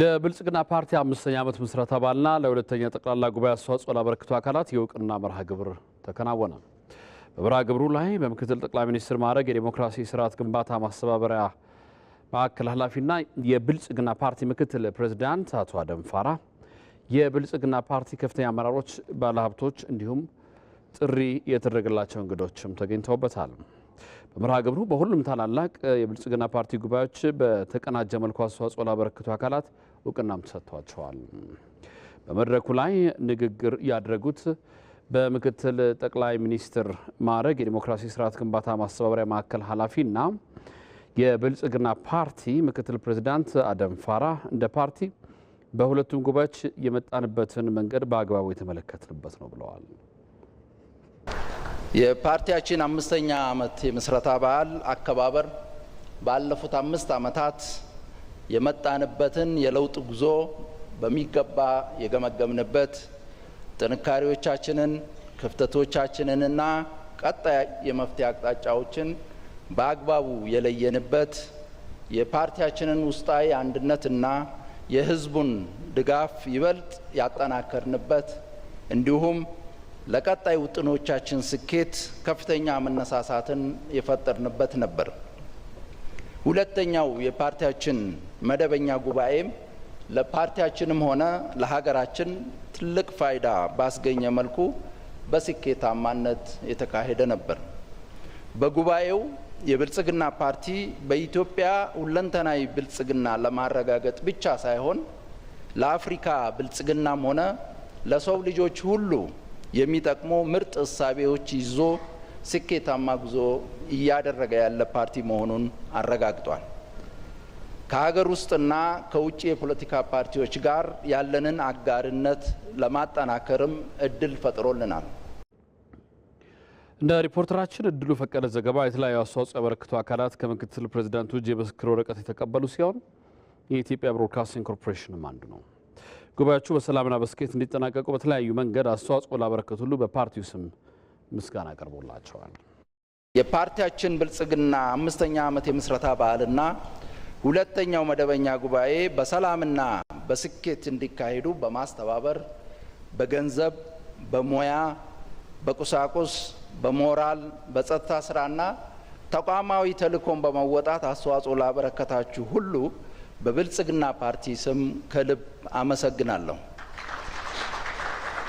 ለብልጽግና ፓርቲ አምስተኛ ዓመት ምስረት አባልና ለሁለተኛ ጠቅላላ ጉባኤ አስተዋጽኦ ላበረከቱ አካላት የእውቅና መርሃ ግብር ተከናወነ። በመርሃ ግብሩ ላይ በምክትል ጠቅላይ ሚኒስትር ማዕረግ የዴሞክራሲ ስርዓት ግንባታ ማስተባበሪያ ማዕከል ኃላፊና የብልጽግና ፓርቲ ምክትል ፕሬዚዳንት አቶ አደም ፋራ፣ የብልጽግና ፓርቲ ከፍተኛ አመራሮች፣ ባለሀብቶች እንዲሁም ጥሪ የተደረገላቸው እንግዶችም ተገኝተውበታል። በመርሃ ግብሩ በሁሉም ታላላቅ የብልጽግና ፓርቲ ጉባኤዎች በተቀናጀ መልኩ አስተዋጽኦ ላበረከቱ አካላት እውቅናም ተሰጥቷቸዋል። በመድረኩ ላይ ንግግር ያደረጉት በምክትል ጠቅላይ ሚኒስትር ማዕረግ የዲሞክራሲ ስርዓት ግንባታ ማስተባበሪያ ማዕከል ኃላፊና የብልጽግና ፓርቲ ምክትል ፕሬዚዳንት አደም ፋራ እንደ ፓርቲ በሁለቱም ጉባኤዎች የመጣንበትን መንገድ በአግባቡ የተመለከትንበት ነው ብለዋል። የፓርቲያችን አምስተኛ ዓመት የምስረታ በዓል አከባበር ባለፉት አምስት ዓመታት የመጣንበትን የለውጥ ጉዞ በሚገባ የገመገምንበት ጥንካሬዎቻችንን፣ ክፍተቶቻችንንና ቀጣይ የመፍትሄ አቅጣጫዎችን በአግባቡ የለየንበት የፓርቲያችንን ውስጣዊ አንድነትና የሕዝቡን ድጋፍ ይበልጥ ያጠናከርንበት እንዲሁም ለቀጣይ ውጥኖቻችን ስኬት ከፍተኛ መነሳሳትን የፈጠርንበት ነበር። ሁለተኛው የፓርቲያችን መደበኛ ጉባኤም ለፓርቲያችንም ሆነ ለሀገራችን ትልቅ ፋይዳ ባስገኘ መልኩ በስኬታማነት የተካሄደ ነበር። በጉባኤው የብልጽግና ፓርቲ በኢትዮጵያ ሁለንተናዊ ብልጽግና ለማረጋገጥ ብቻ ሳይሆን ለአፍሪካ ብልጽግናም ሆነ ለሰው ልጆች ሁሉ የሚጠቅሙ ምርጥ እሳቤዎች ይዞ ስኬታማ ጉዞ እያደረገ ያለ ፓርቲ መሆኑን አረጋግጧል። ከሀገር ውስጥና ከውጭ የፖለቲካ ፓርቲዎች ጋር ያለንን አጋርነት ለማጠናከርም እድል ፈጥሮልናል። እንደ ሪፖርተራችን እድሉ ፈቀደ ዘገባ የተለያዩ አስተዋጽኦ ያበረክቱ አካላት ከምክትል ፕሬዚዳንቱ እጅ የምስክር ወረቀት የተቀበሉ ሲሆን የኢትዮጵያ ብሮድካስቲንግ ኮርፖሬሽንም አንዱ ነው። ጉባኤዎቹ በሰላምና በስኬት እንዲጠናቀቁ በተለያዩ መንገድ አስተዋጽኦ ላበረከቱ ሁሉ በፓርቲው ስም ምስጋና ቀርቦላቸዋል። የፓርቲያችን ብልጽግና አምስተኛ ዓመት የምስረታ በዓልና ሁለተኛው መደበኛ ጉባኤ በሰላምና በስኬት እንዲካሄዱ በማስተባበር በገንዘብ፣ በሙያ፣ በቁሳቁስ፣ በሞራል፣ በጸጥታ ስራና ተቋማዊ ተልእኮን በመወጣት አስተዋጽኦ ላበረከታችሁ ሁሉ በብልጽግና ፓርቲ ስም ከልብ አመሰግናለሁ።